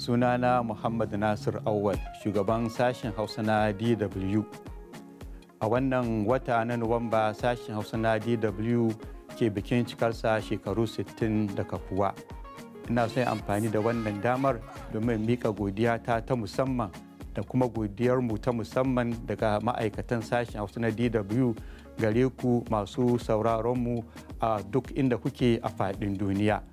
sunana muhammad nasir awal shugaban sashen hausa na dw a wannan wata na nuwamba sashen hausa na dw ke bikin cikarsa shekaru 60 da kafuwa ina son amfani da wannan damar domin mika godiya ta ta musamman da kuma godiyarmu ta musamman daga ma'aikatan sashen hausa na dw gare ku masu sauraronmu a duk inda kuke a faɗin duniya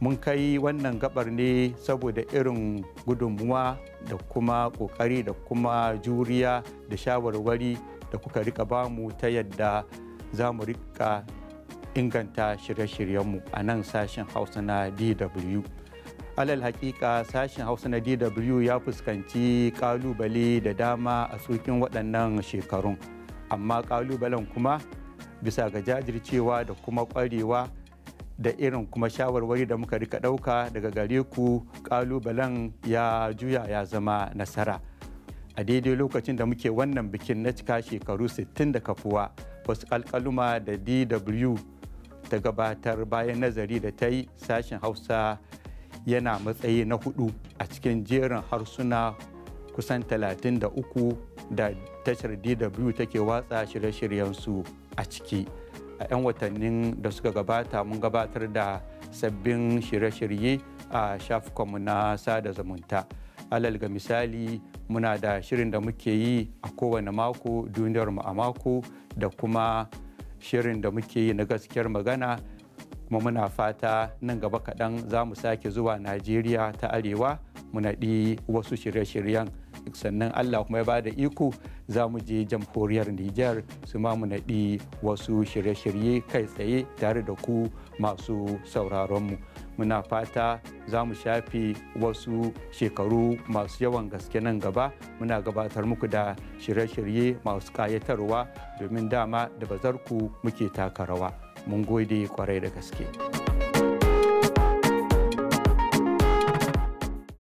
mun kai wannan gabar ne saboda irin gudunmuwa da kuma kokari da kuma juriya da shawarwari da kuka rika bamu ta yadda za mu rika inganta shirye-shiryenmu a nan sashen hausa na dw alal hakika sashen hausa na dw ya fuskanci kalubale da dama a tsokin waɗannan shekarun amma kalubalen kuma bisa ga jajircewa da kuma ƙwarewa da irin kuma shawarwari da muka rika ɗauka daga gare ku ƙalubalen ya juya ya zama nasara a daidai lokacin da muke wannan bikin na cika shekaru 60 da kafuwa wasu alkaluma da dw ta gabatar bayan nazari da ta yi sashen hausa yana matsayi na hudu a cikin jerin harsuna kusan 33 da tashar dw take watsa shirye shiryen su a ciki. a 'yan watannin da suka gabata mun gabatar da sabbin shirye-shirye a shafukanmu na sada zumunta alal ga misali muna da shirin da muke yi a kowane mako duniyarmu a mako da kuma shirin da muke yi na gaskiyar magana kuma muna fata nan gaba kaɗan za mu sake zuwa najeriya ta arewa mu naɗi wasu shirye-shiryen sannan allah kuma ya ba da iko za mu je jamhuriyar nijar su mamu naɗi wasu shirye-shirye kai tsaye tare da ku masu sauraronmu muna fata za mu shafi wasu shekaru masu yawan gaske nan gaba muna gabatar muku da shirye-shirye masu kayatarwa domin dama da bazarku muke taka rawa mun gode kwarai da gaske.